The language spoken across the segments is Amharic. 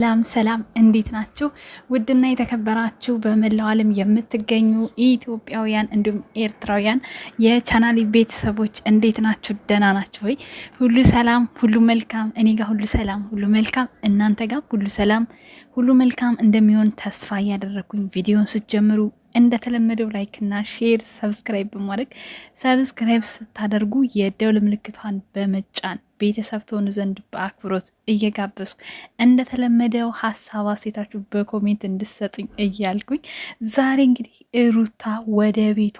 ሰላም ሰላም፣ እንዴት ናችሁ? ውድና የተከበራችሁ በመላው ዓለም የምትገኙ ኢትዮጵያውያን እንዲሁም ኤርትራውያን የቻናሊ ቤተሰቦች እንዴት ናችሁ? ደህና ናችሁ ወይ? ሁሉ ሰላም፣ ሁሉ መልካም። እኔ ጋር ሁሉ ሰላም፣ ሁሉ መልካም። እናንተ ጋር ሁሉ ሰላም፣ ሁሉ መልካም እንደሚሆን ተስፋ እያደረግኩኝ ቪዲዮን ስትጀምሩ እንደተለመደው ላይክ እና ሼር ሰብስክራይብ በማድረግ ሰብስክራይብ ስታደርጉ የደውል ምልክቷን በመጫን ቤተሰብ ትሆኑ ዘንድ በአክብሮት እየጋበዝኩ እንደተለመደው ሀሳብ አሴታችሁ በኮሜንት እንድሰጡኝ እያልኩኝ ዛሬ እንግዲህ ሩታ ወደ ቤቷ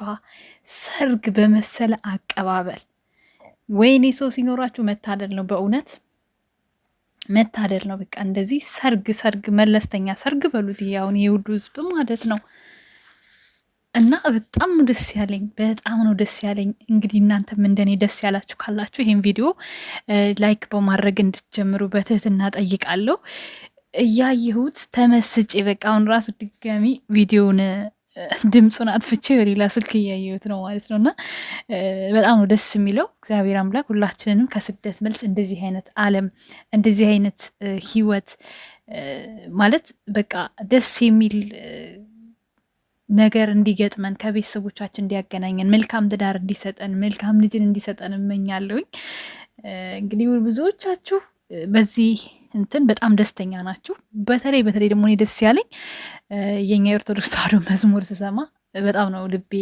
ሰርግ በመሰለ አቀባበል ወይኔ ሰው ሲኖራችሁ መታደል ነው በእውነት መታደል ነው። በቃ እንደዚህ ሰርግ ሰርግ መለስተኛ ሰርግ በሉት። ያውን የውዱ ህዝብ ማለት ነው። እና በጣም ነው ደስ ያለኝ፣ በጣም ነው ደስ ያለኝ። እንግዲህ እናንተም እንደኔ ደስ ያላችሁ ካላችሁ ይህን ቪዲዮ ላይክ በማድረግ እንድትጀምሩ በትህትና ጠይቃለሁ። እያየሁት ተመስጬ በቃ አሁን ራሱ ድጋሚ ድምፁ ድምፁን አጥፍቼ በሌላ ስልክ እያየሁት ነው ማለት ነው። እና በጣም ነው ደስ የሚለው። እግዚአብሔር አምላክ ሁላችንንም ከስደት መልስ እንደዚህ አይነት ዓለም እንደዚህ አይነት ህይወት ማለት በቃ ደስ የሚል ነገር እንዲገጥመን ከቤተሰቦቻችን እንዲያገናኘን መልካም ትዳር እንዲሰጠን መልካም ልጅን እንዲሰጠን እመኛለሁኝ። እንግዲህ ብዙዎቻችሁ በዚህ እንትን በጣም ደስተኛ ናችሁ። በተለይ በተለይ ደግሞ እኔ ደስ ያለኝ የኛ የኦርቶዶክስ ተዋሕዶ መዝሙር ስሰማ በጣም ነው ልቤ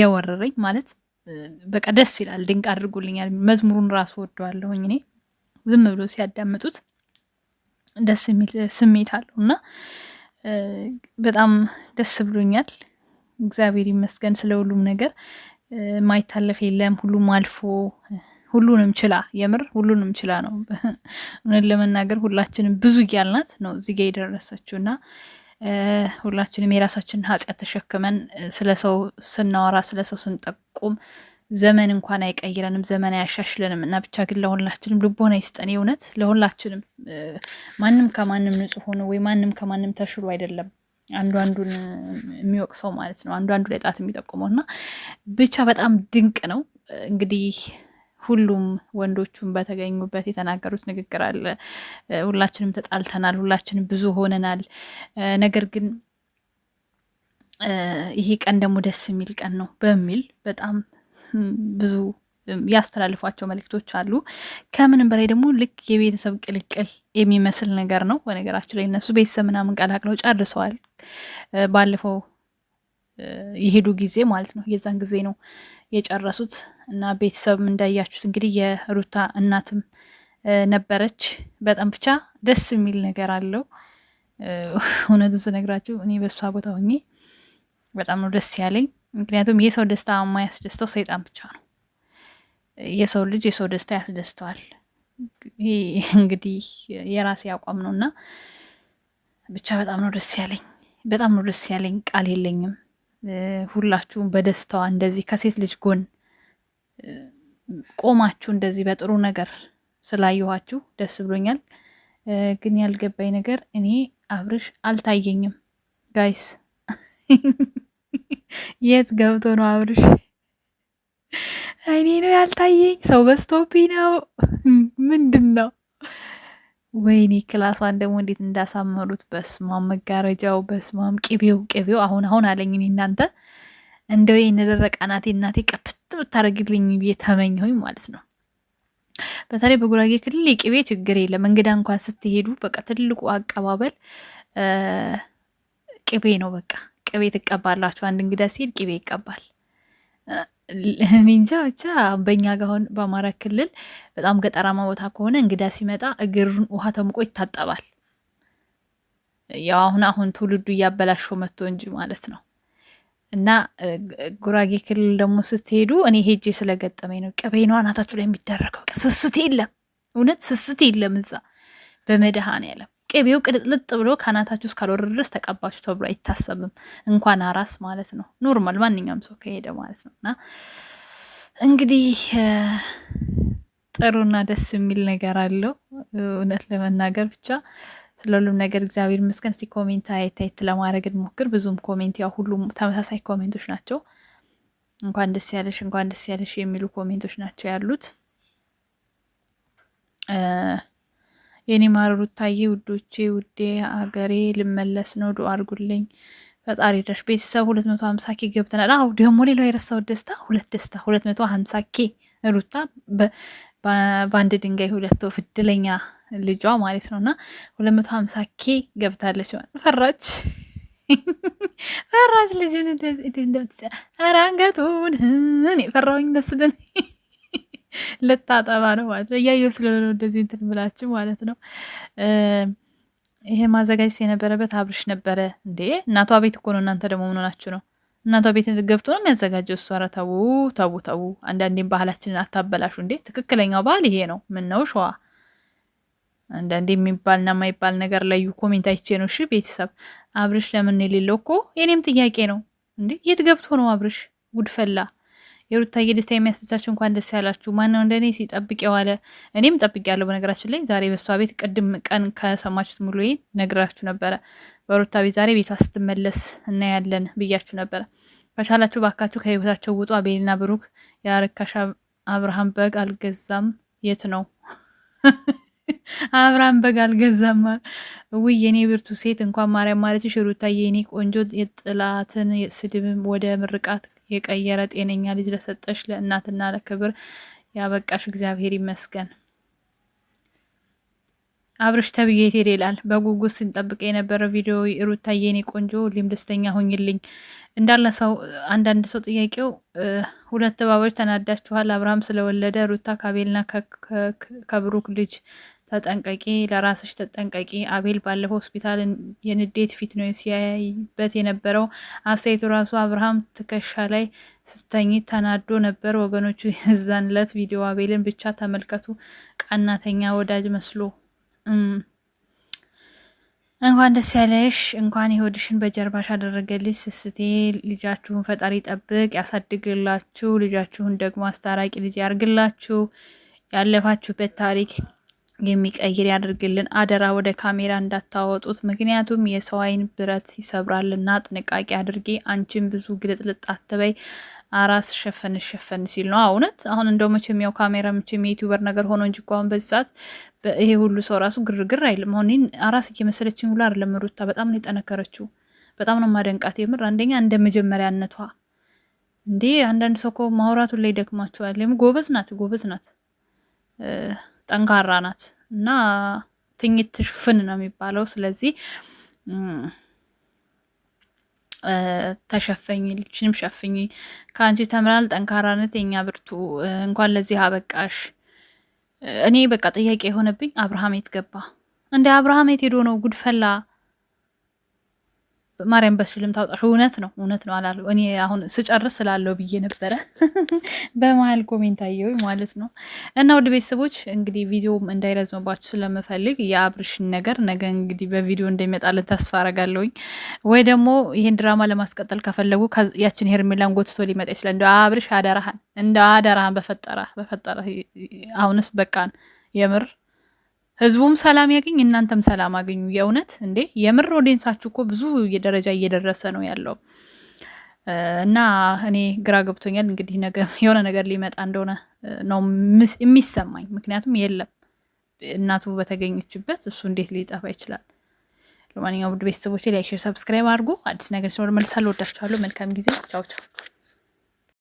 የወረረኝ። ማለት በቃ ደስ ይላል፣ ድንቅ አድርጎልኛል። መዝሙሩን ራሱ ወደዋለሁኝ እኔ ዝም ብሎ ሲያዳምጡት ደስ የሚል ስሜት አለው እና በጣም ደስ ብሎኛል። እግዚአብሔር ይመስገን ስለ ሁሉም ነገር። ማይታለፍ የለም ሁሉም አልፎ ሁሉንም ችላ የምር ሁሉንም ችላ ነው። እውነት ለመናገር ሁላችንም ብዙ እያልናት ነው እዚህ ጋ የደረሰችው እና ሁላችንም የራሳችንን ኃጢአት ተሸክመን ስለ ሰው ስናወራ ስለ ሰው ስንጠቁም ዘመን እንኳን አይቀይረንም፣ ዘመን አያሻሽለንም። እና ብቻ ግን ለሁላችንም ልቦና ይስጠን። እውነት ለሁላችንም ማንም ከማንም ንጹህ ሆኖ ወይ ማንም ከማንም ተሽሎ አይደለም አንዱ አንዱን የሚወቅሰው ማለት ነው፣ አንዱ አንዱ ላይ ጣት የሚጠቁመው እና ብቻ በጣም ድንቅ ነው። እንግዲህ ሁሉም ወንዶቹም በተገኙበት የተናገሩት ንግግር አለ። ሁላችንም ተጣልተናል፣ ሁላችንም ብዙ ሆነናል። ነገር ግን ይሄ ቀን ደግሞ ደስ የሚል ቀን ነው በሚል በጣም ብዙ ያስተላልፏቸው መልእክቶች አሉ። ከምንም በላይ ደግሞ ልክ የቤተሰብ ቅልቅል የሚመስል ነገር ነው። በነገራችን ላይ እነሱ ቤተሰብ ምናምን ቀላቅለው ጨርሰዋል። ባለፈው የሄዱ ጊዜ ማለት ነው። የዛን ጊዜ ነው የጨረሱት እና ቤተሰብም እንዳያችሁት እንግዲህ የሩታ እናትም ነበረች። በጣም ብቻ ደስ የሚል ነገር አለው። እውነቱን ስነግራችሁ እኔ በሷ ቦታ ሆኜ በጣም ነው ደስ ያለኝ። ምክንያቱም የሰው ደስታ የማያስደስተው ሰይጣን ብቻ ነው። የሰው ልጅ የሰው ደስታ ያስደስተዋል። እንግዲህ የራሴ አቋም ነው እና ብቻ በጣም ነው ደስ ያለኝ፣ በጣም ነው ደስ ያለኝ። ቃል የለኝም። ሁላችሁም በደስታዋ እንደዚህ ከሴት ልጅ ጎን ቆማችሁ እንደዚህ በጥሩ ነገር ስላየኋችሁ ደስ ብሎኛል። ግን ያልገባኝ ነገር እኔ አብርሽ አልታየኝም ጋይስ የት ገብቶ ነው አብርሽ? እኔ ነው ያልታየኝ? ሰው በስቶፒ ነው ምንድን ነው? ወይኔ ክላሷን ደግሞ እንዴት እንዳሳመሩት! በስማም መጋረጃው፣ በስማም ቅቤው ቅቤው አሁን አሁን አለኝ እኔ እናንተ እንደው የነደረቀ አናቴ እናቴ ቀፍት ብታደርግልኝ ብዬ ተመኘሁኝ ማለት ነው። በተለይ በጉራጌ ክልል የቅቤ ችግር የለም። እንግዳ እንኳን ስትሄዱ በቃ ትልቁ አቀባበል ቅቤ ነው በቃ ቅቤ ትቀባላችሁ። አንድ እንግዳ ሲሄድ ቅቤ ይቀባል። እንጃ ብቻ በእኛ ጋሁን በአማራ ክልል በጣም ገጠራማ ቦታ ከሆነ እንግዳ ሲመጣ እግሩን ውሃ ተሙቆ ይታጠባል። ያው አሁን አሁን ትውልዱ እያበላሸው መጥቶ እንጂ ማለት ነው። እና ጉራጌ ክልል ደግሞ ስትሄዱ እኔ ሄጄ ስለገጠመኝ ነው። ቅቤ ነው አናታችሁ ላይ የሚደረገው። ስስት የለም፣ እውነት ስስት የለም እዛ በመድሃን ያለም ቅቤው ቅልጥልጥ ብሎ ከአናታችሁ እስካልወረደ ድረስ ተቀባችሁ ተብሎ አይታሰብም። እንኳን አራስ ማለት ነው ኖርማል ማንኛውም ሰው ከሄደ ማለት ነው። እና እንግዲህ ጥሩና ደስ የሚል ነገር አለው እውነት ለመናገር ብቻ ስለሁሉም ነገር እግዚአብሔር ይመስገን። እስቲ ኮሜንት አየት አየት ለማድረግ እንሞክር። ብዙም ኮሜንት ያው ሁሉም ተመሳሳይ ኮሜንቶች ናቸው። እንኳን ደስ ያለሽ፣ እንኳን ደስ ያለሽ የሚሉ ኮሜንቶች ናቸው ያሉት። የኔ ማር ሩታዬ፣ ውዶቼ፣ ውዴ አገሬ ልመለስ ነው። ዱ አድርጉልኝ። ፈጣሪ ደሽ ቤተሰብ ሁለት መቶ ሀምሳ ኬ ገብተናል። አሁ ደግሞ ሌላው የረሳው ደስታ ሁለት ደስታ ሁለት መቶ ሀምሳ ኬ ሩታ በአንድ ድንጋይ ሁለት ወፍ እድለኛ ልጇ ማለት ነው እና ሁለት መቶ ሀምሳ ኬ ገብታለች። ፈራች ፈራች ልጅን ኧረ አንገቱን እኔ ፈራሁኝ ደስደን ልታጠባ ነው ማለት ነው። እያየሁ ስለሆነ እንደዚህ እንትን ብላችሁ ማለት ነው። ይሄ ማዘጋጀት የነበረበት አብርሽ ነበረ እንዴ። እናቷ ቤት እኮ ነው። እናንተ ደግሞ ምን ሆናችሁ ነው? እናቷ ቤት ገብቶ ነው የሚያዘጋጀው እሱ። ኧረ ተው ተው ተው፣ አንዳንዴም ባህላችንን አታበላሹ እንዴ። ትክክለኛው ባህል ይሄ ነው። ምን ነው ሸዋ አንዳንዴ የሚባልና የማይባል ነገር ላይ ኮሜንት አይቼ ነው። እሺ ቤተሰብ አብርሽ ለምን የሌለው እኮ የኔም ጥያቄ ነው እንዴ። የት ገብቶ ነው አብርሽ ጉድፈላ የሩታዬ ደስታ የሚያስደስታችሁ እንኳን ደስ ያላችሁ። ማነው እንደኔ ሲጠብቅ የዋለ? እኔም ጠብቅ ያለው። በነገራችን ላይ ዛሬ በሷ ቤት ቅድም ቀን ከሰማችሁት ሙሉ ነግራችሁ ነበረ። በሩታ ቤት ዛሬ ቤቷ ስትመለስ እናያለን ብያችሁ ነበረ። ከቻላችሁ ባካችሁ ከህይወታቸው ውጡ። አቤልና ብሩክ የአርካሻ አብርሃም በግ አልገዛም የት ነው አብርሃም በግ አልገዛም። ውይ የኔ ብርቱ ሴት እንኳን ማርያም ማለትሽ ሩታዬ፣ የኔ ቆንጆ የጥላትን ስድብም ወደ ምርቃት የቀየረ ጤነኛ ልጅ ለሰጠሽ ለእናትና ለክብር ያበቃሽ እግዚአብሔር ይመስገን። አብርሽ ተብዬ ሄድ ይላል። በጉጉት ስንጠብቅ የነበረ ቪዲዮ ሩታ የኔ ቆንጆ ሁሌም ደስተኛ ሆኝልኝ እንዳለ ሰው አንዳንድ ሰው ጥያቄው ሁለት እባቦች ተናዳችኋል። አብርሃም ስለወለደ ሩታ ካቤልና ከብሩክ ልጅ ተጠንቀቂ፣ ለራስሽ ተጠንቀቂ። አቤል ባለፈው ሆስፒታል የንዴት ፊት ነው ሲያይበት የነበረው። አስተያየቱ ራሱ አብርሃም ትከሻ ላይ ስተኝ ተናዶ ነበር። ወገኖቹ የዛንለት ቪዲዮ አቤልን ብቻ ተመልከቱ። ቀናተኛ ወዳጅ መስሎ እንኳን ደስ ያለሽ፣ እንኳን የሆድሽን በጀርባሽ አደረገልሽ። ስስቴ ልጃችሁን ፈጣሪ ጠብቅ፣ ያሳድግላችሁ። ልጃችሁን ደግሞ አስታራቂ ልጅ ያርግላችሁ። ያለፋችሁበት ታሪክ የሚቀይር ያደርግልን። አደራ ወደ ካሜራ እንዳታወጡት፣ ምክንያቱም የሰው አይን ብረት ይሰብራልና ጥንቃቄ አድርጌ። አንቺን ብዙ ግልጥልጥ አትበይ፣ አራስ ሸፈን ሸፈን ሲል ነው እውነት። አሁን እንደው መቼም ያው ካሜራ መቼም የዩቲዩበር ነገር ሆኖ እንጂ እኮ አሁን በዚህ ሰዓት ይሄ ሁሉ ሰው ራሱ ግርግር አይልም። አሁን ይህን አራስ እየመሰለችኝ ሁሉ አይደለም። ሩታ በጣም ነው የጠነከረችው። በጣም ነው ማደንቃት። የምር አንደኛ እንደ መጀመሪያነቷ እንዲህ አንዳንድ ሰው እኮ ማውራቱን ላይ ደክማቸዋል። ጎበዝ ናት፣ ጎበዝ ናት። ጠንካራ ናት እና ትኝት ሽፍን ነው የሚባለው። ስለዚህ ተሸፈኝ፣ ልጅንም ሸፍኝ፣ ከአንቺ ተምራል ጠንካራነት የኛ ብርቱ፣ እንኳን ለዚህ አበቃሽ። እኔ በቃ ጥያቄ የሆነብኝ አብርሃም የት ገባ? እንደ አብርሃም የት ሄዶ ነው ጉድፈላ ማርያም በሽልም ታውጣሽ። እውነት ነው እውነት ነው አላሉ። እኔ አሁን ስጨርስ ስላለው ብዬ ነበረ በመሀል ኮሜንት አየው ማለት ነው። እና ውድ ቤተሰቦች እንግዲህ ቪዲዮም እንዳይረዝምባችሁ ስለምፈልግ የአብርሽን ነገር ነገ እንግዲህ በቪዲዮ እንደሚመጣልን ተስፋ አረጋለውኝ። ወይ ደግሞ ይህን ድራማ ለማስቀጠል ከፈለጉ ያችን ሄርሜላን ጎትቶ ሊመጣ ይችላል። እንደ አብርሽ አደራህን እንደ አደራህን በፈጠረ በፈጠረ አሁንስ በቃን የምር ህዝቡም ሰላም ያገኝ፣ እናንተም ሰላም አገኙ። የእውነት እንዴ የምር ኦዲንሳችሁ እኮ ብዙ ደረጃ እየደረሰ ነው ያለው እና እኔ ግራ ገብቶኛል። እንግዲህ የሆነ ነገር ሊመጣ እንደሆነ ነው የሚሰማኝ። ምክንያቱም የለም እናቱ በተገኘችበት እሱ እንዴት ሊጠፋ ይችላል? ለማንኛውም ውድ ቤተሰቦች ላይክ፣ ሼር፣ ሰብስክራይብ አድርጉ። አዲስ ነገር ሲኖር መልሳለሁ። ወዳችኋለሁ። መልካም ጊዜ። ቻው ቻው።